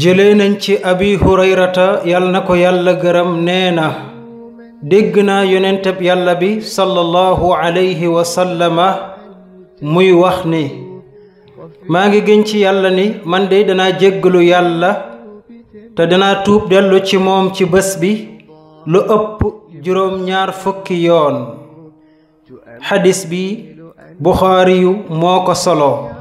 jëlee nañ ci abi hurayrata yal na ko yàlla gërëm nee na dégg naa yonentab yàlla bi sallallahu alayhi wa muy wax ni maa ngi gën ci yàlla ni man de dana jéggalu yàlla te danaa tuub dellu ci moom ci bés bi lu ëpp juróom ñaar fukki yoon xadis bi buxaari moo ko solo